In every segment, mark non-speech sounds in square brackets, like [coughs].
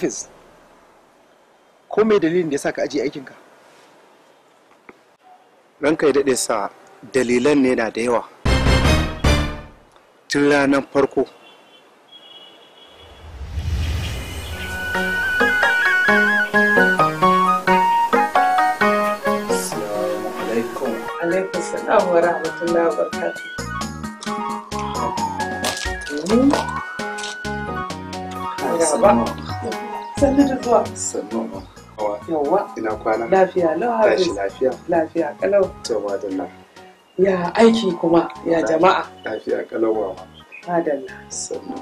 hafiz ko mai dalilin da ya sa ka ajiye aikinka ranka ya daɗe sa dalilan ne na da yawa tun ranar farko Assalamu wa sannu da zuwa sannu yawa ina kwana lafiya lau lafiya lafiya kalau to madalla ya aiki kuma ya jama'a lafiya kalau wa madalla sannu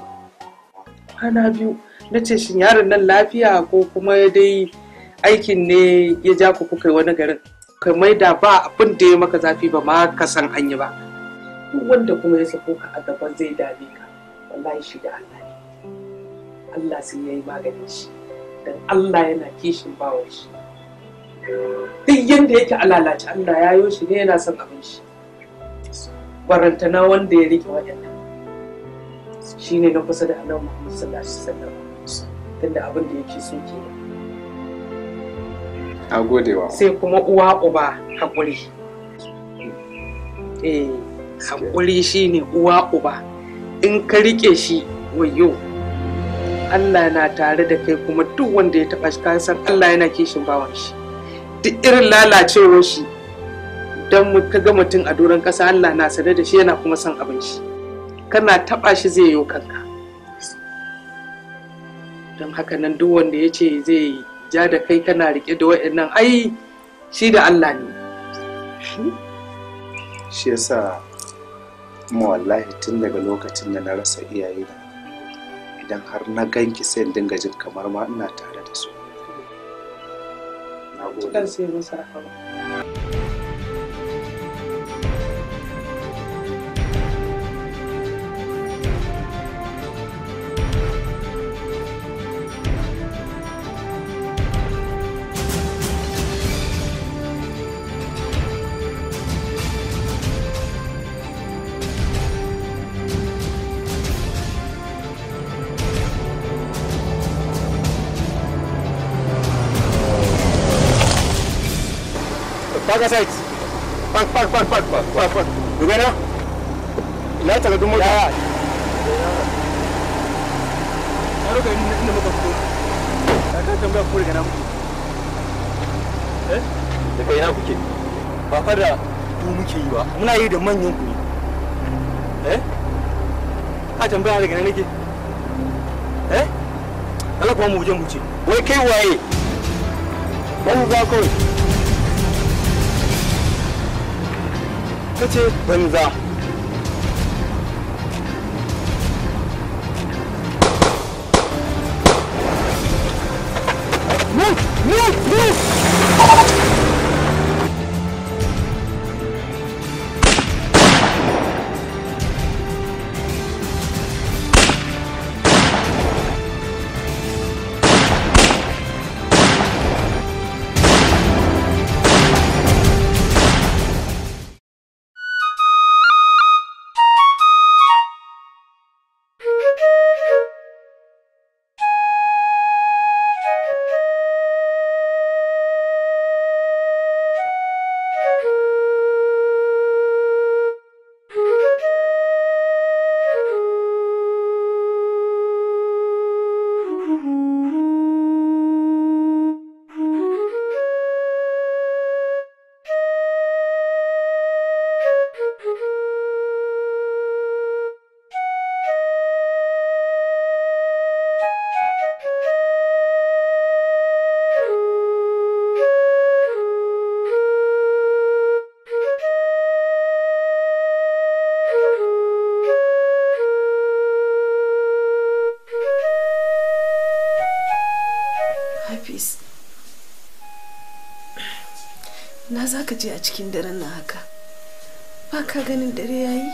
kwana biyu na ce shin yaron nan lafiya ko kuma dai aikin ne ya ja ku kuka wani garin kamar da ba abin da ya maka zafi ba ma ka san an yi ba duk wanda kuma ya sako ka a gaba zai dame ka wallahi shi da Allah ne Allah sai ya yi maganin shi dan Allah yana kishin bawan shi duk yadda yake alalace Allah ya yo shi ne yana son abin shi barantana wanda ya rike waɗannan shi ne na kusa da Allah Muhammad sallallahu alaihi wasallam tunda abin da yake so ke a godewa sai kuma uwa uba haƙuri eh haƙuri shine uwa uba in ka rike shi wayo Allah na tare da kai kuma duk wanda ya taɓa shi san Allah yana kishin bawan shi duk irin lalacewar shi don ka ga mutum a doron ƙasa Allah na sade da shi yana kuma son abin shi kana taɓa shi zai yi kanka don haka nan duk wanda ya ce zai ja da kai kana riƙe da wa'annan ai shi da Allah ne shi yasa mu wallahi tun daga lokacin da na rasa iyayena idan har na ganki sai in dinga jin kamar ma ina tare da su. Na gode. ga site eh ba fa du muke yi ba muna yi de manyan eh ka eh kuma mu je mu ce wai kai waye ban za kawai ta ce banza za ka je a cikin daren nan haka ba ka ganin dare yayi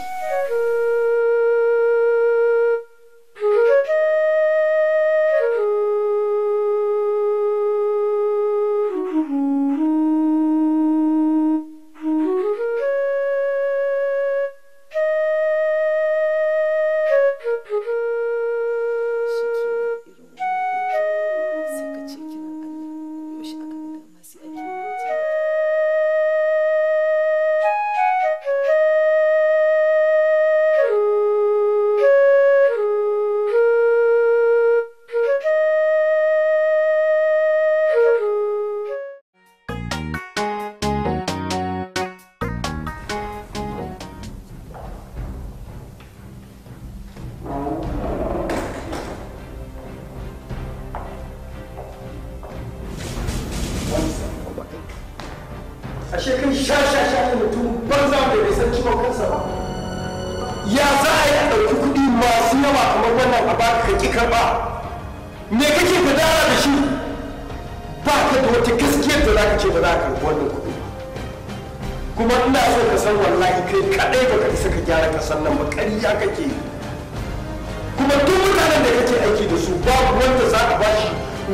ka ki karɓa me kake gadara da shi ba ka da wata gaskiyar da za ka ce ba za ka karɓi wannan kuɗi kuma ina so ka san wallahi kai kaɗai ba ka isa ka gyara san nan ba ƙarya kake kuma duk mutanen da kake aiki da su babu wanda za ka ba shi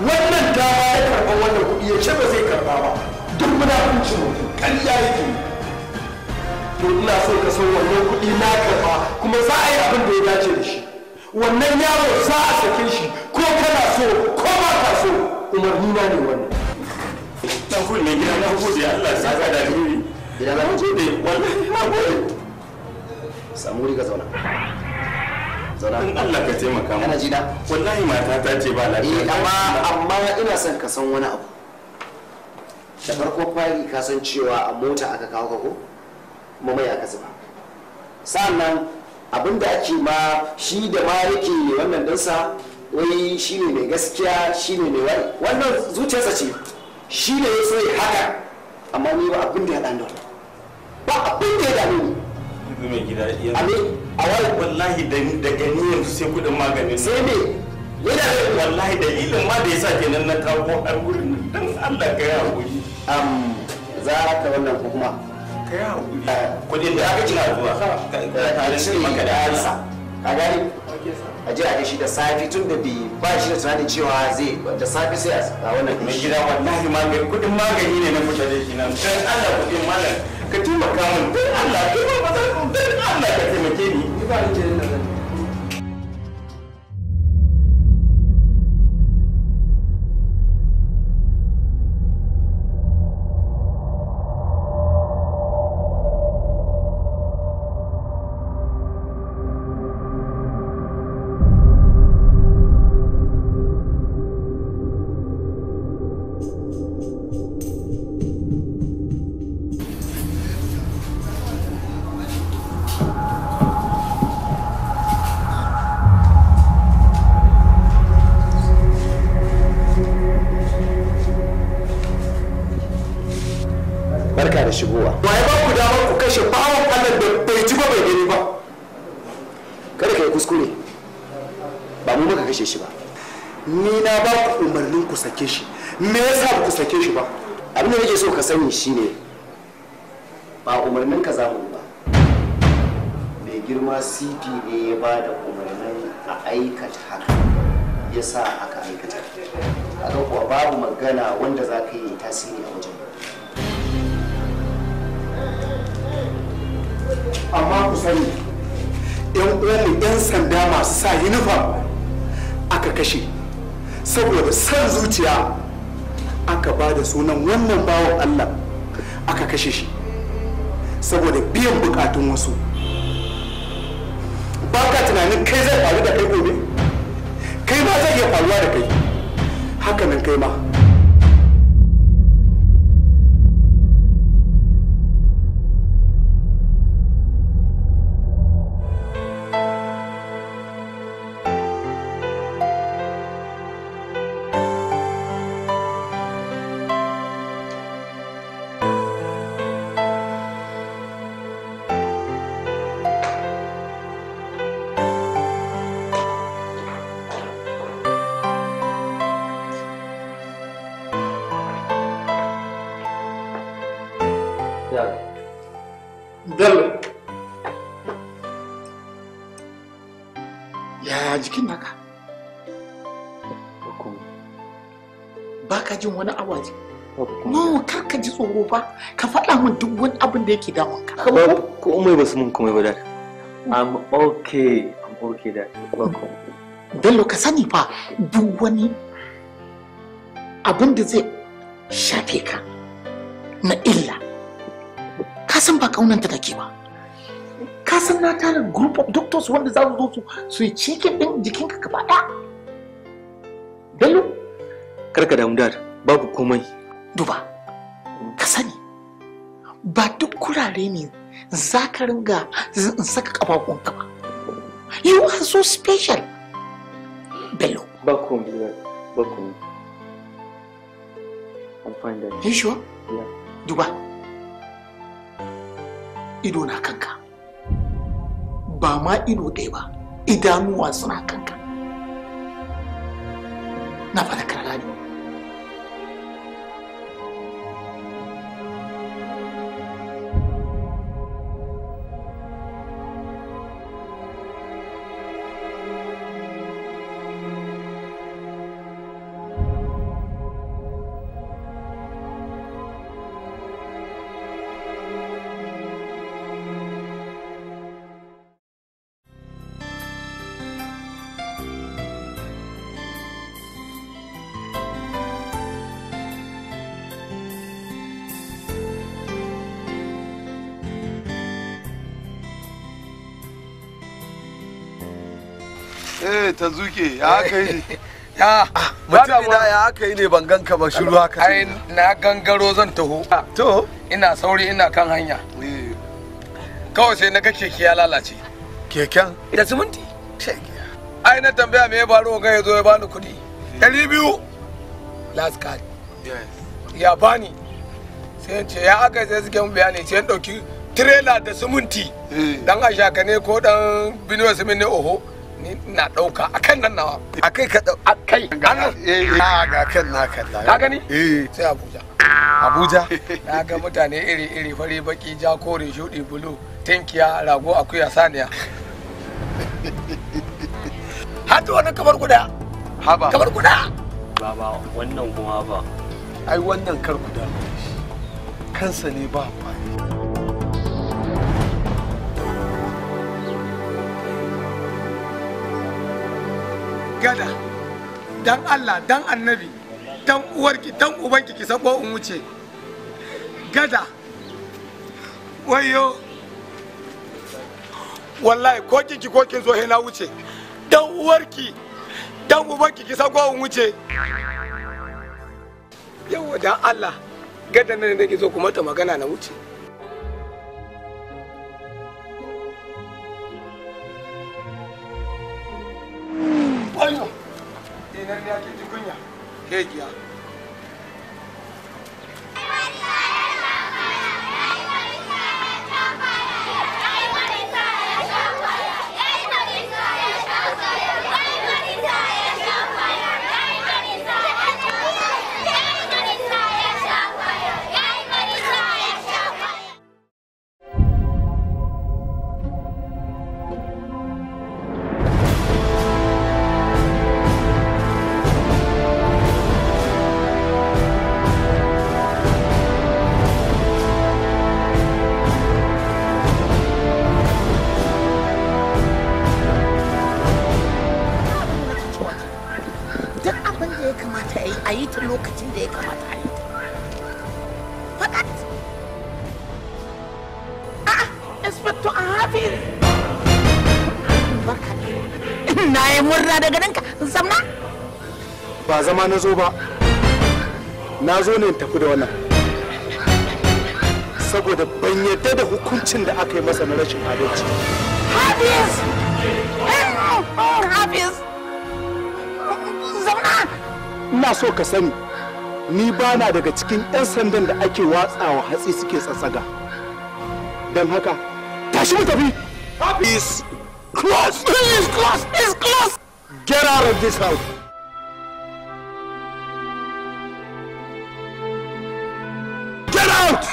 wannan dama ya karɓa wannan kuɗi ya ce ba zai karɓa ba duk muna kuncin mutum ƙarya yake to ina so ka san wannan kuɗi na karɓa kuma za a yi abin da ya dace da shi wannan yaro za a sake shi ko kana so ko ba ka so umarni na ne wannan dan kun ne gida na gode Allah ya saka da guri gida na Wannan wallahi na gode samu riga zauna zauna in Allah ka taimaka mu kana ji na wallahi mata ta ce ba lafiya eh amma amma ina son ka san wani abu da farko fari ka san cewa a mota aka kawo ka ko kuma mai aka zuba sannan abinda ake ma shi da ma yake wannan dinsa wai shi ne mai gaskiya shi ne mai wani wannan zuciyarsa ce shi ne ya so ya haka amma ni ba abin da ya dan ba abin da ya dame ni mai gida a wani wallahi da gani yanzu sai kudin maganin sai ne yana da wallahi dalilin ma da ya sa kenan na kawo har wurin dan Allah ka yi hakuri am za ka wannan kuma ka yi haƙuri eh, kudin da aka cina zuwa ka riske maka da hansa ka gani a je a kai shi da safi tun da bai ba shi da tunanin cewa zai da safi sai a wannan mai gida wallahi magani kudin magani ne na fita mutane kenan dan Allah kudin malam ka taimaka min dan Allah kai ba ba dan Allah ka taimake ni ba ni na shigowa wa ya ba ku dama ku kashe bawon allah da bai ji ba bai gani ba kada ka yi kuskure ba mu muka kashe shi ba ni na ba ku umarnin ku sake shi me yasa ba ku sake shi ba abin da nake so ka sani shine ba umarnin ka za mu ba mai girma cp ne ya ba da umarnin a aikata haka ya sa aka aikata haka kuwa babu magana wanda za ka yi tasiri a wajen amma ku sani yan uwanmu yan sanda masu sa yunifam aka kashe saboda san zuciya aka ba da sunan wannan bawan allah aka kashe shi saboda biyan bukatun wasu ba ka tunanin kai zai faru da kai gobe kai ma zai iya faruwa da kai hakanan kai ma jin wani ji. no kar ka ji tsoro ba ka faɗa min duk wani abin da yake damun ka ko umai ba su mun kuma ba da i'm okay i'm okay da Bello ka sani fa duk wani abin da zai shafe ka na illa ka san ba kaunanta take ba ka san na tara group of doctors wanda za su zo su su yi cikin din jikinka gaba ɗaya dallo karka damu dad babu komai duba ka sani ba duk kurare ne za ka ringa saka kafafunka ba you are so special bello ba komai ba komai I'm fine then. You sure? Yeah. Duba. Ido na kanka. Ba ma ido ɗaya ba. Idanuwa suna kanka. Na faɗa eh ta zuke ya aka yi [laughs] ya ah, mutum ina ya aka yi ne ban ganka ba shiru haka ai na gangaro zan taho ah, to ina sauri ina kan hanya eh. kawai sai na ga keke ya lalace keken da siminti ai na tambaya me ya faru ga ya zo ya bani kuɗi eh. ɗari biyu last card ya bani sai ce ya aka sai suke mun bayani sai ɗauki tirela da siminti eh. dan ashaka ne ko dan binuwa ne oho ni na dauka akan nan nawa akai ka akai na eh, eh. ga kan na kalla ka gani eh sai Abuja Abuja [laughs] na ga mutane iri iri fari baki ja kore shudi bulu tankiya rago akuya saniya [laughs] har wannan kamar guda haba kamar guda baba wannan kuma ba ai wannan kar guda kansa ne ba kwani gada dan Allah dan annabi dan uwarki dan ubanki ki sako in wuce gada wayo wallahi ko kinki ko kin zo na wuce dan uwarki dan ubanki ki sako in wuce yawa dan Allah gada nan nake zo kuma ta magana na wuce kunya. Eh na riya ke ji ba zama na zo ba na zo ne tafi da wannan saboda ban yadda da hukuncin da aka yi masa na rashin adalci hafiz hafiz Zama. ina so ka sani ni ba na daga cikin 'yan sandan da ake watsawa hatsi suke tsatsaga Dan haka tashi mu tafi hafiz close please close please close get out of this house out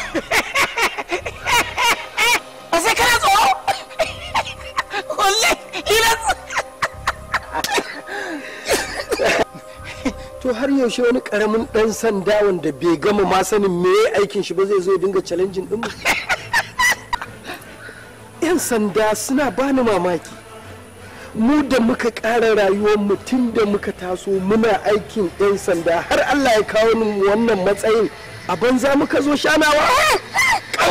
to har yaushe wani karamin dan sanda wanda bai gama ma sanin me aikin shi ba zai zo dinga challenging din mu yan sanda suna bani mamaki mu da muka ƙara rayuwar mutum da muka taso muna aikin 'yan sanda har allah ya kawo wannan matsayin a banza muka zo shanawa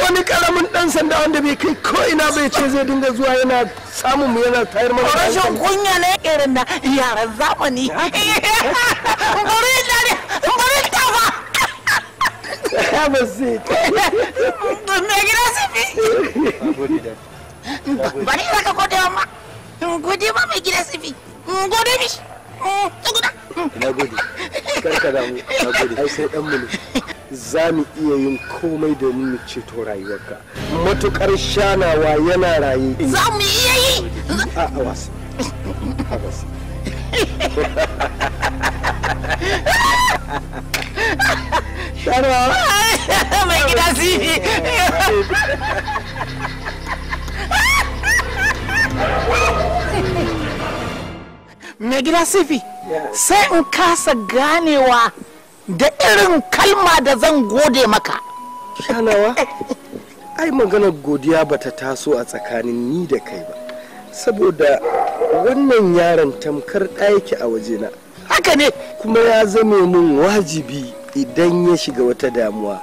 wani karamin dan sanda wanda bai kai ko ina bai ce zai dinga zuwa yana samun mu yana tayar mana rashin kunya ne irin na yaran zamani bari ne bari ta ba ya ina gode karka damu na gode ai sai dan mu za mu iya yin komai da mu ceto rayuwarka matukar shanawa yana raye za mu iya yi a wasu a wasu sifi sai in kasa ganewa da irin kalma da zan gode maka shanawa ai maganar godiya bata taso a tsakanin ni da kai ba saboda wannan yaron tamkar ɗayake a wajena haka ne kuma ya zame min wajibi idan ya shiga wata damuwa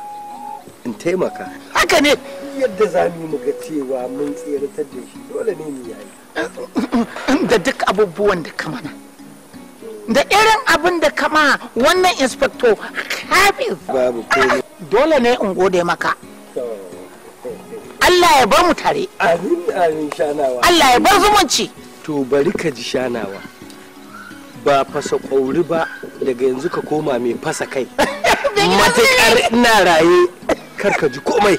in taimaka haka ne yadda za mu ga cewa mun tseratar da shi dole ne mu yayi da duk abubuwan da kamana da irin abin da kama wannan inspekto hafiz dole ne in gode maka Allah ya bar mu tare Allah ya bar zumunci to bari ka ji shanawa ba fasa ƙauri ba daga yanzu ka koma mai fasa kai [laughs] matakar ina raye kar ka ji komai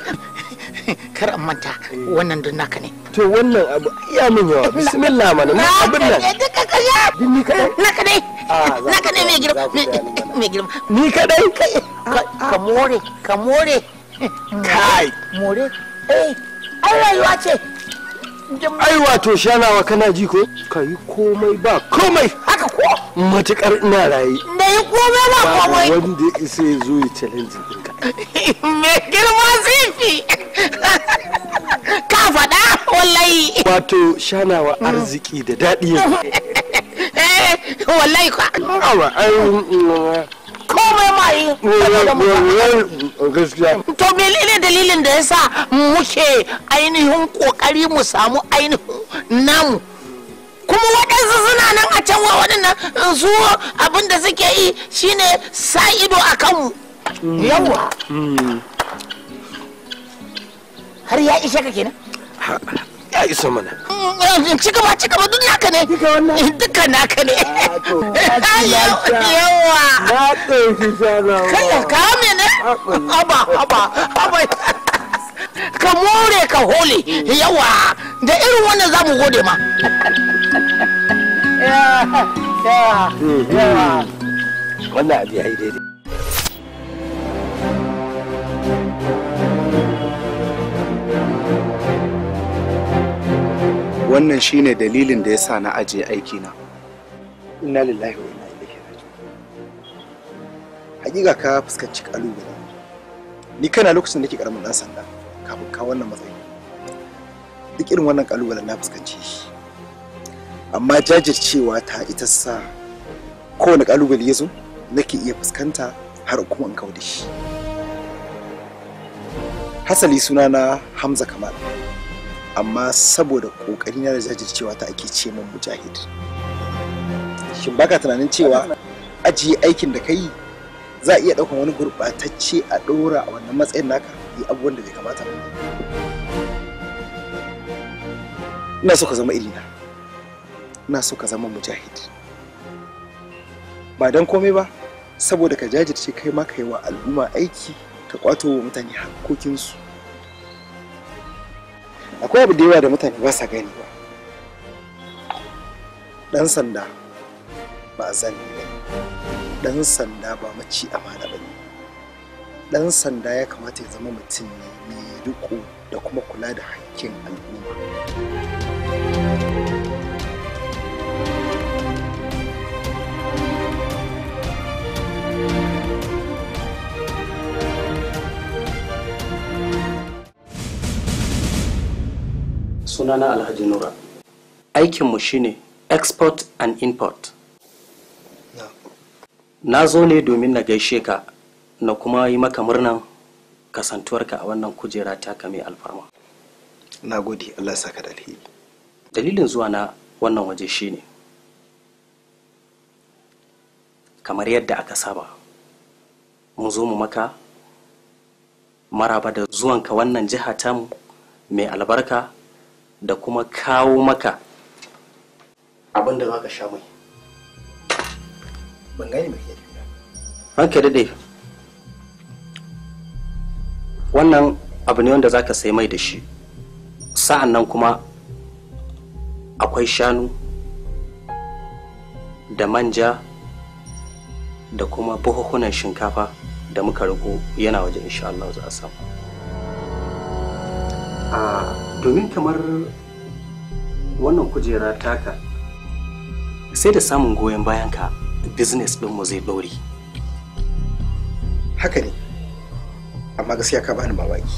kar an manta wannan don naka ne to wannan abu ya min yawa bismillah mana abin nan ni kadai na kadai ah, na kadai mai girma mai girma ni kadai ah, ah. ka more ka more kai more eh ai rayuwa ce ai wato shanawa kana ji ko ka yi komai ba komai haka ko matukar ina raye da yi komai ba komai wanda ya isa ya zo ya challenge ɗinka [laughs] me girma zifi [laughs] ka faɗa wallahi wato shanawa arziki da daɗi [laughs] eh wallahi mm, komai ma yi mm, mm, gaskiya to menene dalilin da yasa muke ainihin kokari mu samu ainihin namu kuma waɗansu suna nan a can waɗannan su abin da suke yi shine sa ido a kanmu yawa har ya ishe ka kenan ya iso mana eh, ci gaba ci gaba duk naka ne duka naka ne ah, [laughs] yawa na ɗauki sanawa kai ka mene haba haba haba ka more ka hole yawa da irin wannan za mu gode ma mm-hmm. wannan abu ya yi daidai wannan shine dalilin da ya sa na ajiye aikina inna lillahi wa inna ilaihi raji'un hakika ka fuskanci kalubale ni kana lokacin da nake karamin dan sanda kafin ka wannan matsayi duk irin wannan kalubale na fuskanci shi amma jajircewa ta ita sa kowane kalubale ya zo nake iya fuskanta har kuma in kawo da shi hasali sunana hamza kamal amma saboda kokari na da jajircewa ta ake ce min mujahid shin baka tunanin cewa ajiye aikin da kai za a iya ɗaukar wani gurɓatacce a ɗora a wannan matsayin naka yi abubuwan da bai kamata ba ina so ka zama irina ina so ka zama mujahid ba don komai ba saboda ka jajirce kai ma ka yi wa al'umma aiki ka kwato wa mutane hakokinsu akwai abu da yawa da mutane ba sa gani ba dan sanda ba zan ne dan sanda ba maci amana ba ne dan sanda ya kamata ya zama mutum ne mai riko da kuma kula da hakkin al'umma sunana alhaji nura aikinmu shine export and import na zo ne domin na gaishe ka na kuma yi maka murnan kasantuwarka a wannan kujera taka mai alfarma na gode allah saka da dalilin zuwa na wannan waje shine kamar yadda aka saba mun zo mu maka maraba da zuwanka wannan jiha tamu mai albarka da kuma kawo maka abin da zaka sha mai ban gani mai yadda ranka da dai wannan abu ne wanda zaka sai mai da shi sa'an nan kuma akwai shanu da manja da kuma buhuhunan shinkafa da muka riko yana waje insha Allah za a samu. Ah, domin kamar wannan kujera taka sai da samun goyon bayan ka business mu zai dauri haka ne amma gaskiya ka bani mamaki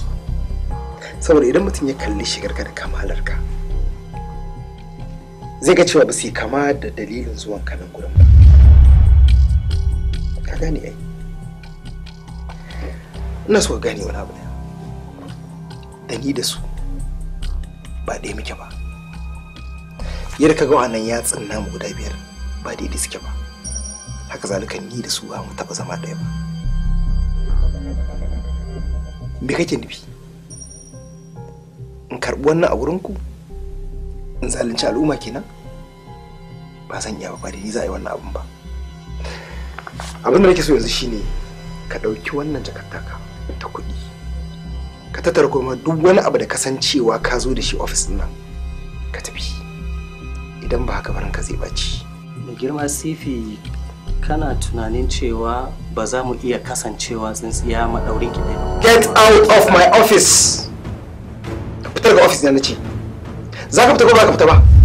saboda idan mutum ya kalli shigarka da kamalarka zai ga cewa ba su kama da dalilin zuwan ka nan gurin ba ka gane ai ina so ka gane wani abu da ni da su ba ɗaya muke ba yadda ka ga wannan tsinna namu guda biyar ba daidai suke ba haka zalika ni da su ba mu taɓa zama ɗaya ba me kake nufi in karɓi wannan a ku in zalunci al'umma kenan ba zan iya ba ni za a yi wannan abun ba abin da nake so yanzu shine ka ɗauki wannan jakartaka ta tattara kuma duk wani abu da kasancewa ka zo da shi ofis nan ka tafi idan ba haka barin ka zai baci mai girma sifi kana tunanin cewa ba za mu iya kasancewa tsintsiya maɗaurin ki ba get out of my office ka fitar ga ofis na nace za ka fita ko ba ka fita ba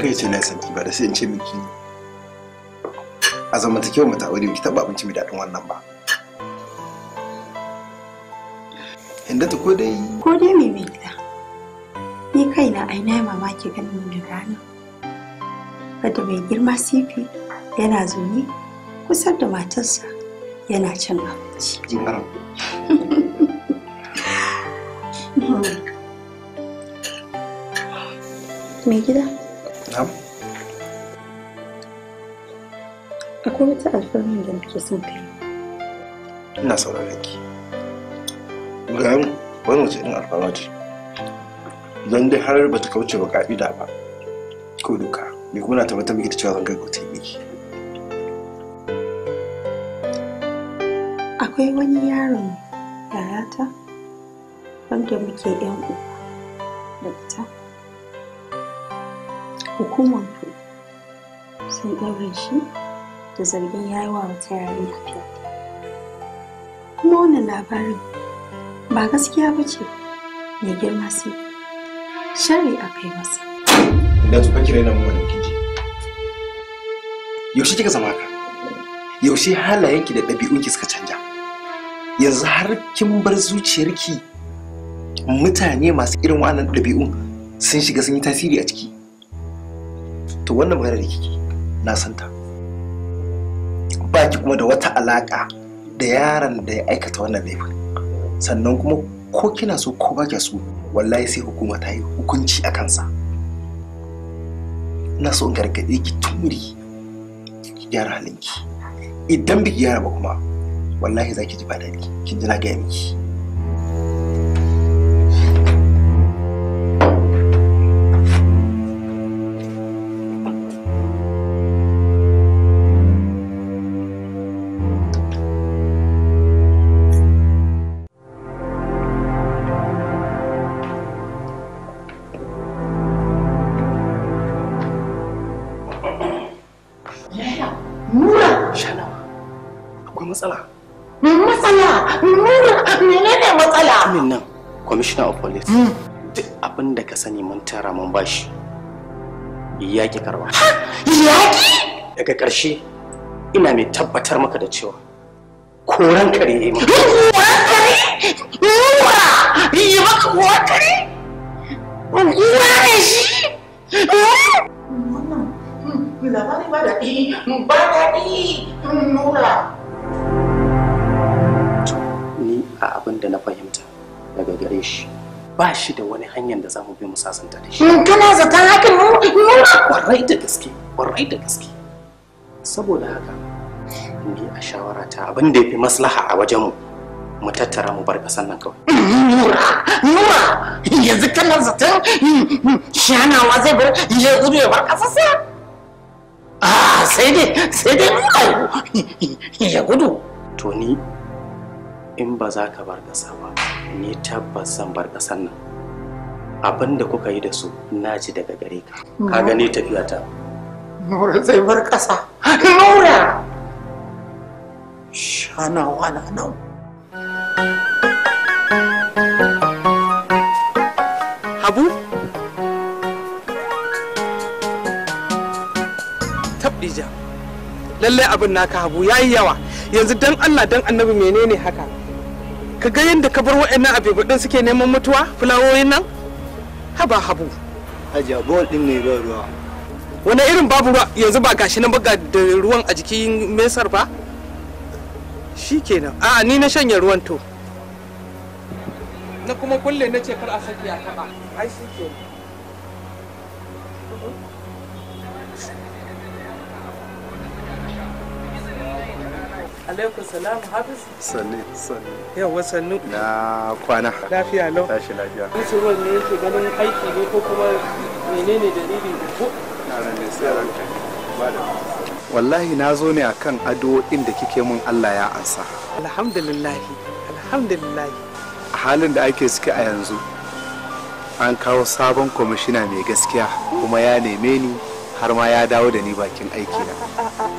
kai ce na san ki ba da sai in ce miki a zamantakewa mata aure ki taba abinci mai daɗin wannan ba inda ta ko dai ko dai mai mai gida ni kaina ai na mamaki ganin da rana wadda mai girma sifi yana zuni kusa da matarsa yana cin abinci mai [laughs] gida akwai wata alfarmar da nake son kai ina sauraron ki ga wani wace irin alfarma ce don dai har ba ta kauce ba ka'ida ba ko duka, ni kuma na tabbatar miki da cewa zan gaggauta miki akwai wani yaron yayata wanda muke yan uku da ita hukumar sun ɗaure shi da zargin ya yi wa wata yarinya lafiya. kuma wannan labarin ba gaskiya ba ce mai girma sai shari a kai masa ina tsufa kira yana mawa kinji yaushe kika zama ka yaushe halayenki da ɗabi'unki suka canja yanzu har kin bar zuciyarki mutane masu irin wannan ɗabi'un sun shiga sun yi tasiri a ciki to wannan magana da kike na santa baki kuma da wata alaka da yaron da ya aikata wannan laifin sannan kuma ko kina so ko ba so wallahi sai hukuma ta yi hukunci a kansa ina so in gargaɗe ki tumuri ki gyara halinki idan bi gyara ba kuma wallahi za ki ji ba daɗi kin ji na gaya miki yaƙi ki karba yaƙi. daga ƙarshe ina mai tabbatar maka da cewa koran kare ya yi maka koran kare ruwa yi maka koran kare ruwa ne shi eh? hmm, labari ba daɗi hmm, ba daɗi hmm, nura ni a abin da na fahimta daga gare shi ba shi da wani hanyar da za mu bi mu sasanta da shi. Kana zaton hakan mu? Kwarai da gaske, kwarai da gaske. Saboda haka, ni a shawara ta abin da ya fi maslaha a wajen mu. Mu tattara mu bar kasan nan kawai. Nura, Nura, yanzu kana zaton hmm, shanawa zai bar ya ya bar kasasa? Ah, sai dai, sai dai Nura ya gudu. To ni in ba za ka bar kasa ba. ni tabbas zan bar ƙasar nan abin da kuka yi da su na ji daga gare ka ka gane tafiya ta nura zai bar ƙasa nura shanawa na nan habu tabdija lallai abin naka habu yayi yawa yanzu dan allah dan annabi menene haka ka ga yadda ka bar waɗannan abibudin suke neman mutuwa fulawoyin nan haba habu hajiya bol din ne ba ruwa wani irin babu ruwa yanzu ba gashi nan ba da ruwan a jikin mesar ba shikenan a ni na shanye ruwan to na kuma kulle na ce kar a sakiya a taɓa ai shikenan na kwana lafiya lau tashi lafiya ne yake ganin wallahi na zo ne akan addu'o'in da kike mun Allah ya ansa alhamdulillahi alhamdulillahi a halin da ake ciki a yanzu an kawo sabon kwamishina mai gaskiya kuma ya neme ni har ma ya dawo da ni bakin aiki na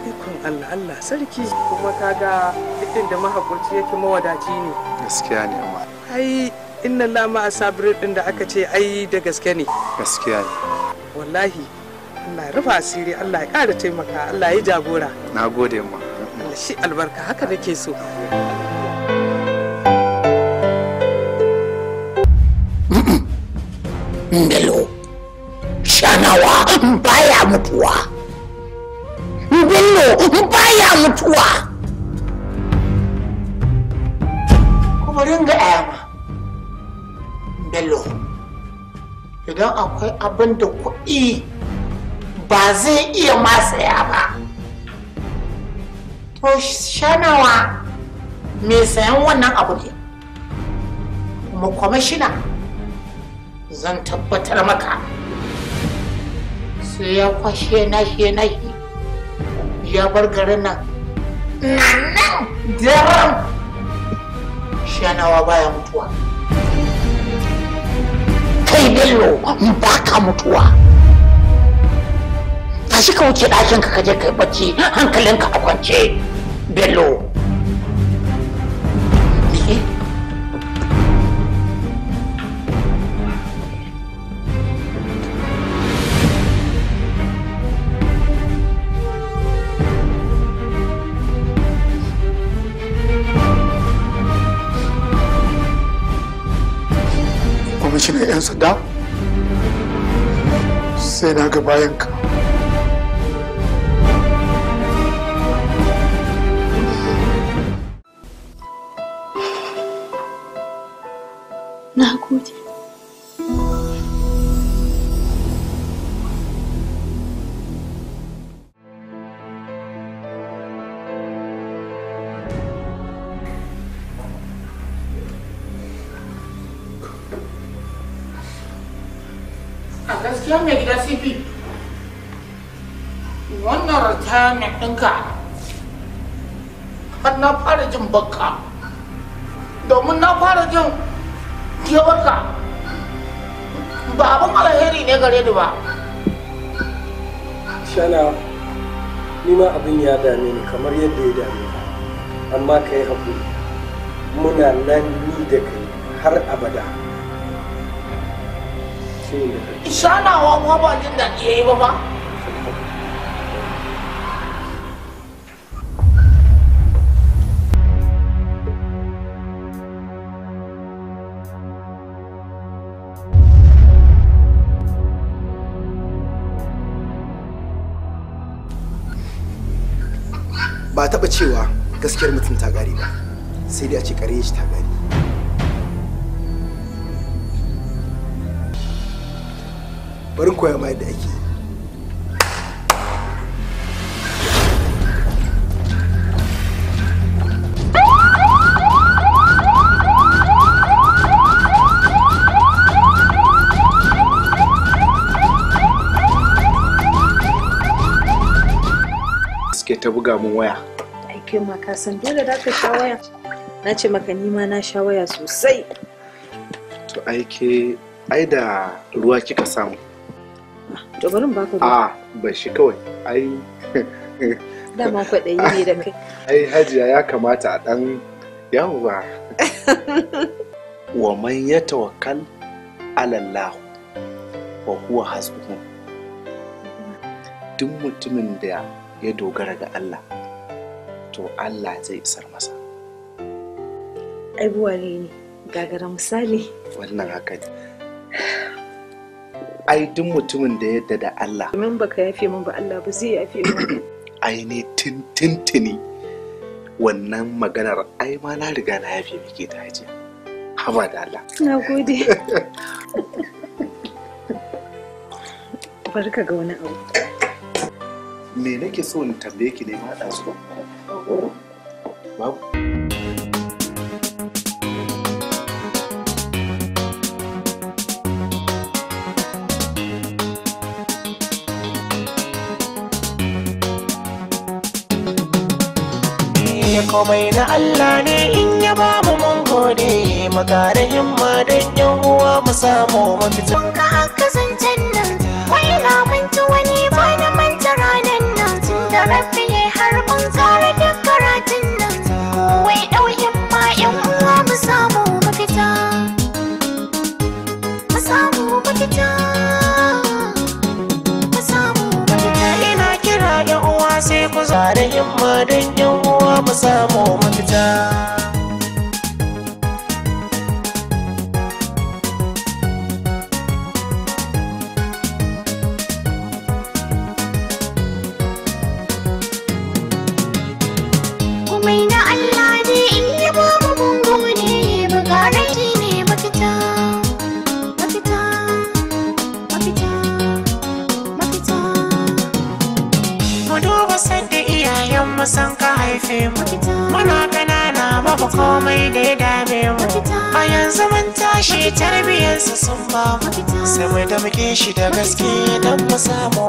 ikon Allah Allah sarki kuma kaga duk da mahakurci yake mawadaci ne gaskiya ne amma ai inna lama asabir din da aka ce ai da gaske ne gaskiya ne wallahi Allah ya rufa asiri Allah ya ƙara taimaka Allah ya jagora na gode ma Allah shi albarka haka nake so Bello. [coughs] shanawa baya mutuwa bello baya mutuwa kuma ringa ayama bello idan akwai abin da kuɗi ba zai iya masaya ba to shanawa mai sayan wannan abu ne kuma kwamishina zan tabbatar maka sai ya kwashe na shi na shi ya bar garin nan na nan daram shanawa baya mutuwa kai bello ba ka mutuwa tashi ka wuce ɗakinka ka je kai bacci hankalinka a kwance bello kwamishinan 'yan sanda sai na ga bayanka. ka har na fara jin baka domin na fara jin ka ba abin alheri ne gare ni ba shana ni ma abin ya dame ni kamar yadda ya dame ka amma ka yi haƙuri muna nan ni da kai har abada shana wa ba jin da ke yi ba ba taɓa cewa gaskiyar mutum ta gari ba sai dai a ce kare shi ta gari bari koya ma yadda ake ta buga mun waya ke ma ka san dole da ka shawaya na ce maka ni ma na sha waya sosai to ai ke ai da ruwa kika samu to bari in baka a ah, ba shi kawai ai da ma ne da kai ai hajiya ya kamata a ɗan yawa [laughs] wa man ya tawakkal alallahu wa huwa hasbuhu duk mutumin da ya dogara ga Allah to Allah zai isar masa aibuwa ne gagara misali wannan haka ne ai duk mutumin da yadda da Allah domin baka yafe min ba Allah ba zai yafe min [clears throat] ai ne tintintini wannan maganar ai ma na riga na yafe muke ta haji. haba da Allah na gode [laughs] barka ga wani abu me nake so in tambaye ki ne ma da su Babu. komai na Allah ne in ya ba mu mun gode mu kare himma don yan uwa mu samu mafita. Mun ka kasancen nan wai na manta wani ba na manta ranar nan tun da rabbi har kun tsara duk sai ku zare himma don yan uwa mu samu mafita dame mu muna kanana babu komai da ya dame mu a yanzu mun tashi tarbiyyarsa sun ba mu sai mu damke shi da gaske don mu samu